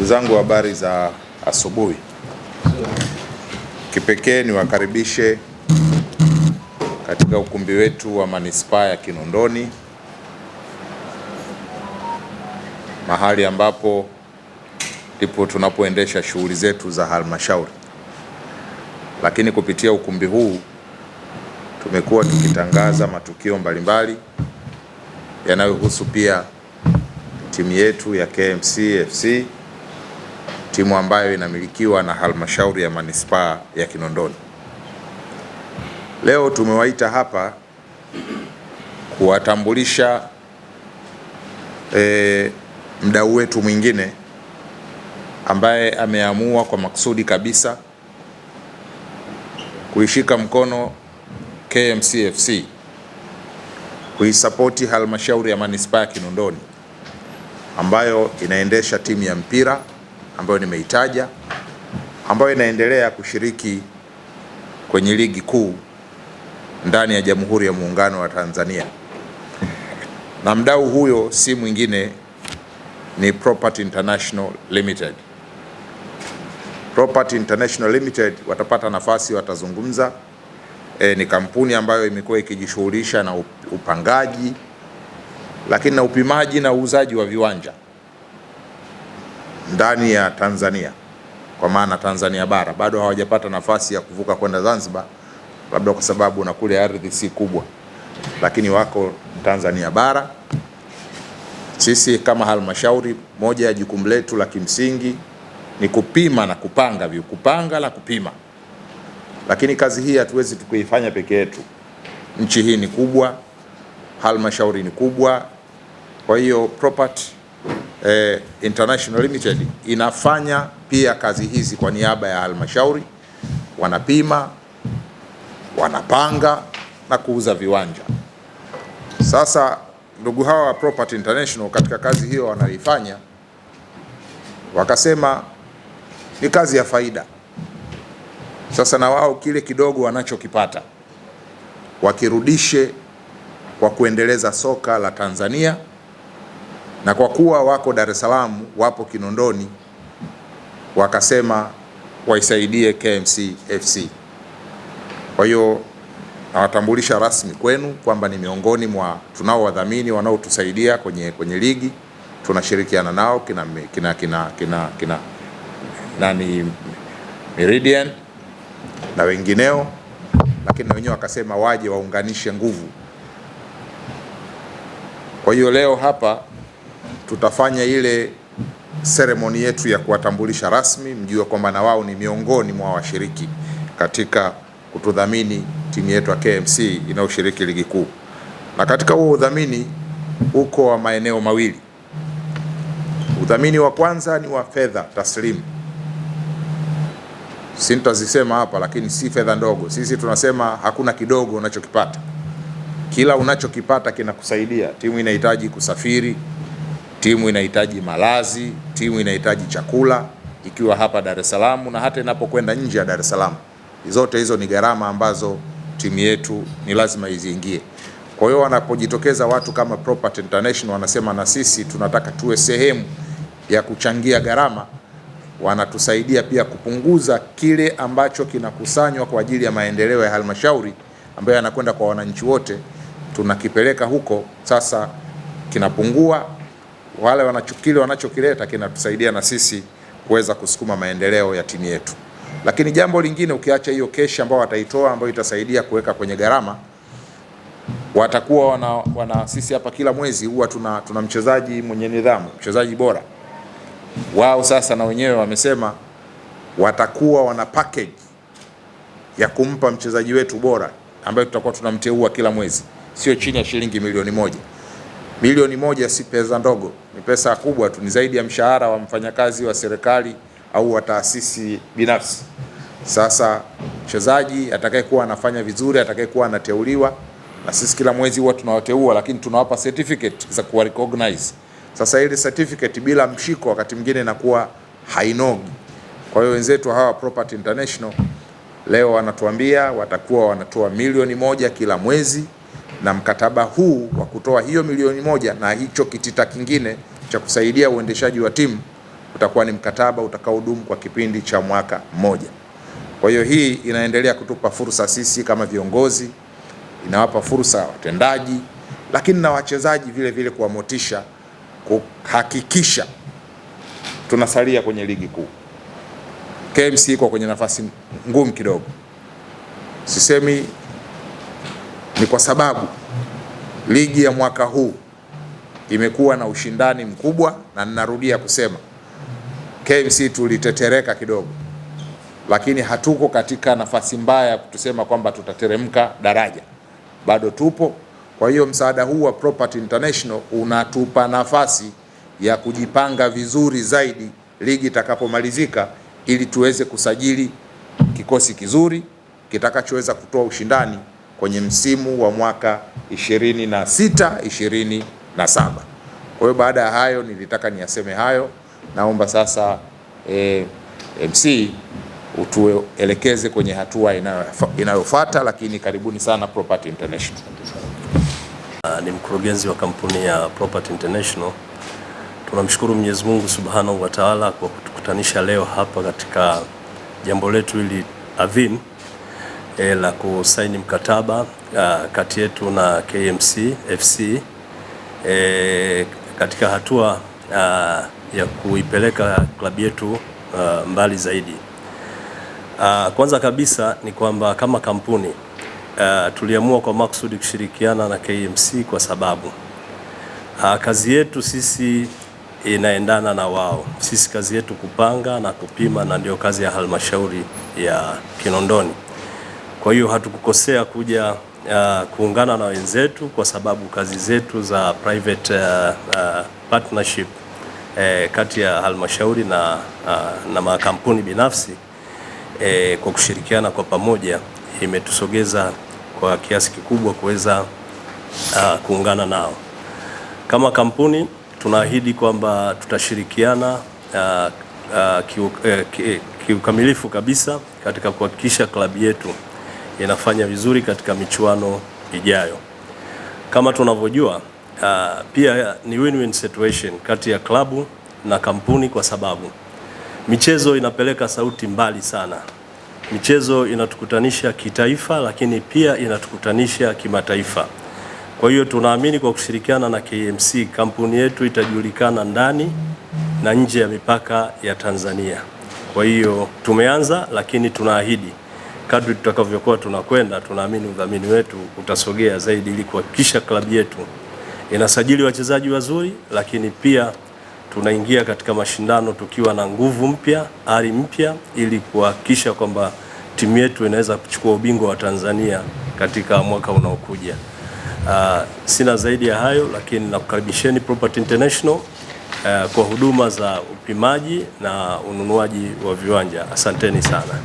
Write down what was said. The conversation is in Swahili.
Ndugu zangu, habari za asubuhi. Kipekee niwakaribishe katika ukumbi wetu wa manispaa ya Kinondoni, mahali ambapo ndipo tunapoendesha shughuli zetu za halmashauri. Lakini kupitia ukumbi huu tumekuwa tukitangaza matukio mbalimbali yanayohusu pia timu yetu ya KMC FC timu ambayo inamilikiwa na halmashauri ya manispaa ya Kinondoni. Leo tumewaita hapa kuwatambulisha e, mdau wetu mwingine ambaye ameamua kwa maksudi kabisa kuishika mkono KMCFC kuisapoti halmashauri ya manispaa ya Kinondoni ambayo inaendesha timu ya mpira ambayo nimeitaja ambayo inaendelea kushiriki kwenye ligi kuu ndani ya Jamhuri ya Muungano wa Tanzania, na mdau huyo si mwingine ni Property International Limited. Property International Limited watapata nafasi, watazungumza. E, ni kampuni ambayo imekuwa ikijishughulisha na upangaji lakini na upimaji na uuzaji wa viwanja ndani ya Tanzania kwa maana Tanzania bara bado hawajapata nafasi ya kuvuka kwenda Zanzibar, labda kwa sababu na kule ardhi si kubwa, lakini wako Tanzania bara. Sisi kama halmashauri, moja ya jukumu letu la kimsingi ni kupima na kupanga vyu, kupanga na kupima. Lakini kazi hii hatuwezi tukuifanya peke yetu. Nchi hii ni kubwa, halmashauri ni kubwa, kwa hiyo property eh, International Limited inafanya pia kazi hizi kwa niaba ya halmashauri, wanapima, wanapanga na kuuza viwanja. Sasa ndugu hawa wa Property International katika kazi hiyo wanaifanya, wakasema ni kazi ya faida. Sasa na wao kile kidogo wanachokipata wakirudishe kwa kuendeleza soka la Tanzania na kwa kuwa wako Dar es Salaam, wapo Kinondoni, wakasema waisaidie KMC FC. Kwa hiyo nawatambulisha rasmi kwenu kwamba ni miongoni mwa tunaowadhamini wanaotusaidia kwenye, kwenye ligi tunashirikiana nao kina, kina, kina, kina, kina nani Meridian na wengineo, lakini na wenyewe wakasema waje waunganishe nguvu. Kwa hiyo leo hapa tutafanya ile seremoni yetu ya kuwatambulisha rasmi, mjue kwamba na wao ni miongoni mwa washiriki katika kutudhamini timu yetu ya KMC inayoshiriki ligi kuu. Na katika huo udhamini uko wa maeneo mawili. Udhamini wa kwanza ni wa fedha taslimu, si hapa, lakini si fedha ndogo. Sisi tunasema hakuna kidogo unachokipata, kila unachokipata kinakusaidia. Timu inahitaji kusafiri Timu inahitaji malazi, timu inahitaji chakula ikiwa hapa Dar es Salaam na hata inapokwenda nje ya Dar es Salaam. Zote hizo ni gharama ambazo timu yetu ni lazima iziingie. Kwa hiyo wanapojitokeza watu kama Property International wanasema na sisi tunataka tuwe sehemu ya kuchangia gharama, wanatusaidia pia kupunguza kile ambacho kinakusanywa kwa ajili ya maendeleo ya halmashauri ambayo yanakwenda kwa wananchi wote, tunakipeleka huko, sasa kinapungua wale wanachukili wanachokileta kinatusaidia na sisi kuweza kusukuma maendeleo ya timu yetu. Lakini jambo lingine, ukiacha hiyo keshi ambayo wataitoa ambayo itasaidia kuweka kwenye gharama, watakuwa wana, wana sisi hapa kila mwezi huwa tuna, tuna mchezaji mwenye nidhamu, mchezaji bora wao. Sasa na wenyewe wamesema watakuwa wana package ya kumpa mchezaji wetu bora ambayo tutakuwa tunamteua kila mwezi, sio chini ya shilingi milioni moja. Milioni moja si pesa ndogo, ni pesa kubwa tu, ni zaidi ya mshahara wa mfanyakazi wa serikali au wa taasisi binafsi. Sasa mchezaji atakayekuwa anafanya vizuri, atakayekuwa anateuliwa, na sisi kila mwezi huwa tunawateua, lakini tunawapa certificate za kuwa recognize. Sasa ile certificate bila mshiko, wakati mwingine inakuwa hainogi. Kwa hiyo wenzetu hawa Property International leo wanatuambia watakuwa wanatoa milioni moja kila mwezi na mkataba huu wa kutoa hiyo milioni moja na hicho kitita kingine cha kusaidia uendeshaji wa timu utakuwa ni mkataba utakaodumu kwa kipindi cha mwaka mmoja. Kwa hiyo hii inaendelea kutupa fursa sisi kama viongozi, inawapa fursa watendaji, lakini na wachezaji vile vile kuwamotisha kuhakikisha tunasalia kwenye ligi kuu. KMC iko kwenye nafasi ngumu kidogo, sisemi ni kwa sababu ligi ya mwaka huu imekuwa na ushindani mkubwa, na ninarudia kusema KMC tulitetereka kidogo, lakini hatuko katika nafasi mbaya ya kwamba tutateremka daraja, bado tupo. Kwa hiyo msaada huu wa Property International unatupa nafasi ya kujipanga vizuri zaidi ligi itakapomalizika, ili tuweze kusajili kikosi kizuri kitakachoweza kutoa ushindani kwenye msimu wa mwaka 26 27. Kwa hiyo baada ya hayo nilitaka niyaseme hayo. Naomba sasa eh, MC utuelekeze kwenye hatua inayofuata, lakini karibuni sana Property International. Ah, ni mkurugenzi wa kampuni ya Property International. Tunamshukuru Mwenyezi Mungu Subhanahu wa Ta'ala kwa kutukutanisha leo hapa katika jambo letu hili adhimu e, la kusaini mkataba kati yetu na KMC FC e, katika hatua a, ya kuipeleka klabu yetu a, mbali zaidi. A, kwanza kabisa ni kwamba kama kampuni a, tuliamua kwa maksudi kushirikiana na KMC kwa sababu a, kazi yetu sisi inaendana na wao. Sisi kazi yetu kupanga na kupima, na ndio kazi ya halmashauri ya Kinondoni. Kwa hiyo hatukukosea kuja uh, kuungana na wenzetu kwa sababu kazi zetu za private uh, uh, partnership eh, kati ya halmashauri na, uh, na makampuni binafsi eh, kwa kushirikiana kwa pamoja imetusogeza kwa kiasi kikubwa kuweza uh, kuungana nao. Kama kampuni tunaahidi kwamba tutashirikiana uh, uh, eh, kiukamilifu uh, kiu, kiu kabisa katika kuhakikisha klabu yetu inafanya vizuri katika michuano ijayo. Kama tunavyojua uh, pia ni win-win situation kati ya klabu na kampuni, kwa sababu michezo inapeleka sauti mbali sana. Michezo inatukutanisha kitaifa, lakini pia inatukutanisha kimataifa. Kwa hiyo tunaamini kwa kushirikiana na KMC kampuni yetu itajulikana ndani na nje ya mipaka ya Tanzania. Kwa hiyo tumeanza, lakini tunaahidi kadri tutakavyokuwa tunakwenda, tunaamini udhamini wetu utasogea zaidi ili kuhakikisha klabu yetu inasajili wachezaji wazuri, lakini pia tunaingia katika mashindano tukiwa na nguvu mpya, ari mpya, ili kuhakikisha kwamba timu yetu inaweza kuchukua ubingwa wa Tanzania katika mwaka unaokuja. Uh, sina zaidi ya hayo, lakini nakukaribisheni Property International uh, kwa huduma za upimaji na ununuaji wa viwanja. Asanteni sana.